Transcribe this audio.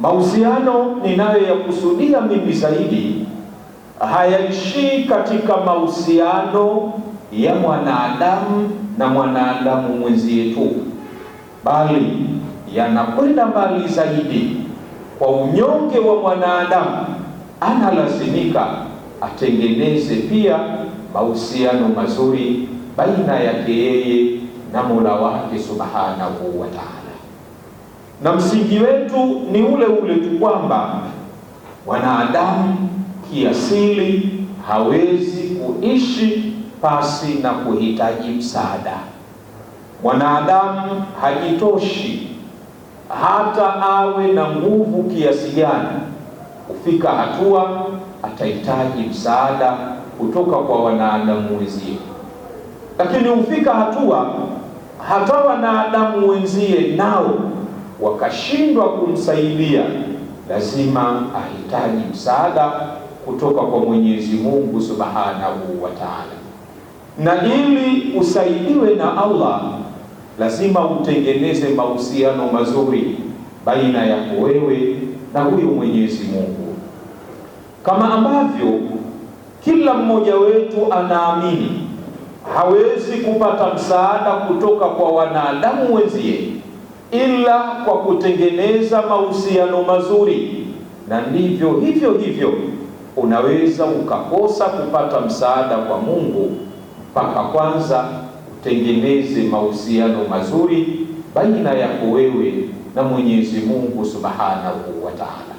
Mahusiano ninayoyakusudia mimi zaidi hayaishii katika mahusiano ya mwanadamu na mwanadamu mwenzie tu, bali yanakwenda mbali zaidi. Kwa unyonge wa mwanadamu, analazimika atengeneze pia mahusiano mazuri baina yake yeye na Mola wake subhanahu wa taala na msingi wetu ni ule ule tu kwamba wanadamu kiasili hawezi kuishi pasi na kuhitaji msaada. Mwanadamu hajitoshi hata awe na nguvu kiasi gani, kufika hatua atahitaji msaada kutoka kwa wanadamu wenzie, lakini hufika hatua hata wanadamu wenzie nao wakashindwa kumsaidia, lazima ahitaji msaada kutoka kwa Mwenyezi Mungu Subhanahu wa Ta'ala. Na ili usaidiwe na Allah, lazima utengeneze mahusiano mazuri baina yako wewe na huyo Mwenyezi Mungu, kama ambavyo kila mmoja wetu anaamini hawezi kupata msaada kutoka kwa wanadamu wenzie ila kwa kutengeneza mahusiano mazuri, na ndivyo hivyo hivyo unaweza ukakosa kupata msaada kwa Mungu mpaka kwanza utengeneze mahusiano mazuri baina yako wewe na Mwenyezi Mungu Subhanahu wa Ta'ala.